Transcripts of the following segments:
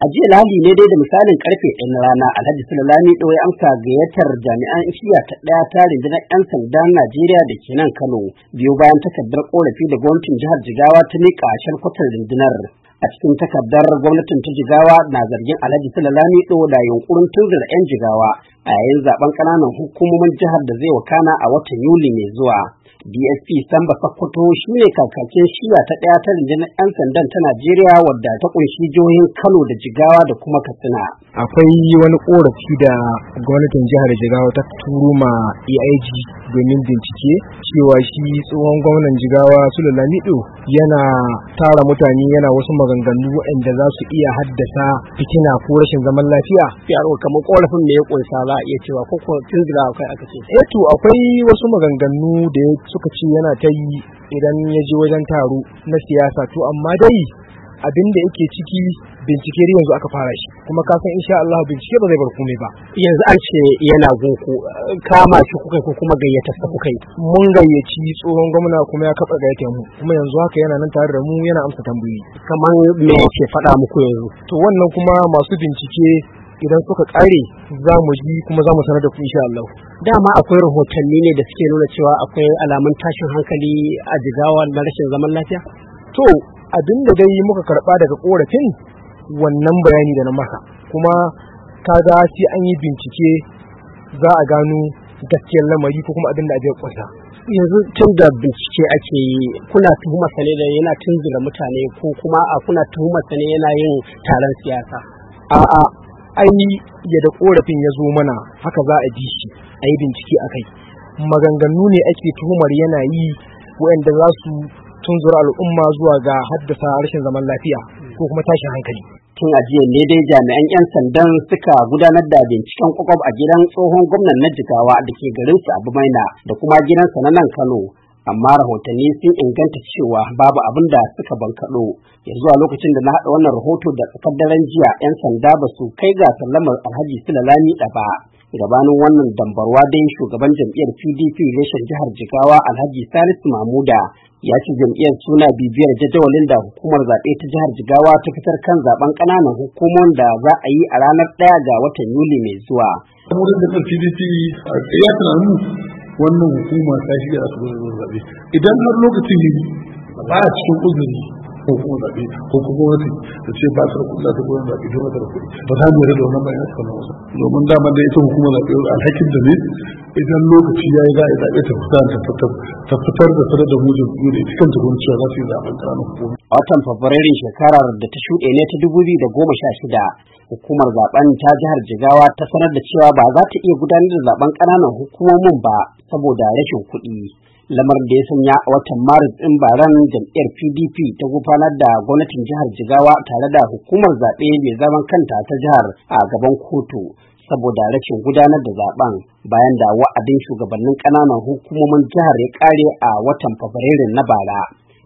a jiya lahadi ne dai da misalin karfe ɗaya rana alhaji sulalami ɗawai amsa gayyatar jami'an shiya ta ɗaya ta rundunar 'yan sandan najeriya da ke nan kano biyu bayan takardar korafi da gwamnatin jihar jigawa ta miƙa sharkwatar rundunar a cikin takardar gwamnatin ta jigawa na zargin alhaji salalani da yunkurin tunzura 'yan jigawa a yayin zaben ƙananan hukumomin jihar da zai wakana a watan yuli mai zuwa dsp samba sakkwato shi ne kakakin shiya ta ɗaya ta rundunar 'yan sandan ta najeriya wadda ta kunshi jihohin kano da jigawa da kuma katsina akwai wani korafi da gwamnatin jihar jigawa ta turo ma eig domin bincike cewa shi tsohon gwamnan jigawa sulalani yana tara mutane yana wasu maganganu waɗanda za su iya haddasa fitina ko rashin zaman lafiya sai kamar korafin da ya ƙunsa za a iya cewa ko kuma tunzura akwai aka ce eh to akwai wasu maganganu da suka ce yana ta yi idan ya je wajen taro na siyasa to amma dai abin da yake ciki bincike ne yanzu aka fara shi kuma ka san insha Allah bincike ba zai bar komai ba yanzu an ce yana goko kama shi kuka ko kuma gayyata sa kuka mun gayyaci tsohon gwamna kuma ya kafa gayyata mu kuma yanzu haka yana nan tare da mu yana amsa tambayoyi kamar me yake faɗa muku yanzu to wannan kuma masu bincike idan suka kare za mu ji kuma za mu sanar da ku insha Allah dama akwai rahotanni ne da suke nuna cewa akwai alamun tashin hankali a jigawa na rashin zaman lafiya to abin da dai muka karɓa daga korafin wannan bayani da na maka kuma ta ga sai an yi bincike za a gano gaskiyar lamari ko kuma abin da abin kwasa yanzu tun da bincike ake yi kuna tuhumar sane da yana tunzura mutane ko kuma a kuna tuhumar sane yana yin taron siyasa a'a yi yadda korafin ya zo mana haka za a ji shi a yi bincike a kai maganganu ne ake tuhumar yana yi waɗanda za su tunzura al'umma zuwa ga haddasa rashin zaman lafiya ko kuma tashin hankali. Tun a jiya ne dai jami'an 'yan sandan suka gudanar da binciken kwakwab a gidan tsohon gwamnan na Jigawa da ke garin su Abu Maina da kuma gidansa na nan Kano. Amma rahotanni sun inganta cewa babu abin da suka bankaɗo. Ya zuwa lokacin da na haɗa wannan rahoto da tsakar daren jiya 'yan sanda ba su kai ga sallamar Alhaji Sulalani ba. gabanin wannan dambarwa dai shugaban jam'iyyar pdp reshen jihar jigawa alhaji salisu mamuda ya ce jam'iyyar suna bibiyar jadawalin da hukumar zaɓe ta jihar jigawa ta fitar kan zaben ƙananan hukumomin da za a yi a ranar ɗaya ga watan yuli mai zuwa. kamar da pdp ya tsaye tunanin wannan hukuma ta shiga a cikin zaɓe idan har lokacin ne ba a cikin uzuri ko kuma zaɓe ko kuma da ce ba su da ta zaɓe don kuɗi ba za mu da wannan domin da ita da ne idan lokaci ya yi za a zaɓe ta da fitar ta fitar da fitar da mujin da ita kanta yi zaɓen watan fabrairun shekarar da ta shuɗe ne ta dubu biyu da goma sha shida hukumar zaben ta jihar jigawa ta sanar da cewa ba za ta iya gudanar da zaben ƙananan hukumomin ba saboda rashin kuɗi Lamar da ya sanya a watan maris ɗin baran jam'iyyar pdp ta gudanar da gwamnatin jihar jigawa tare da hukumar zaɓe mai zaman kanta ta jihar a gaban kotu saboda rashin gudanar da zaben bayan da wa'adin shugabannin ƙananan hukumomin jihar ya ƙare a watan fabrairun na bara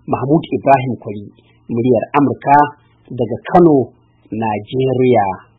mahmud ibrahim kwari muryar amurka daga kano najeriya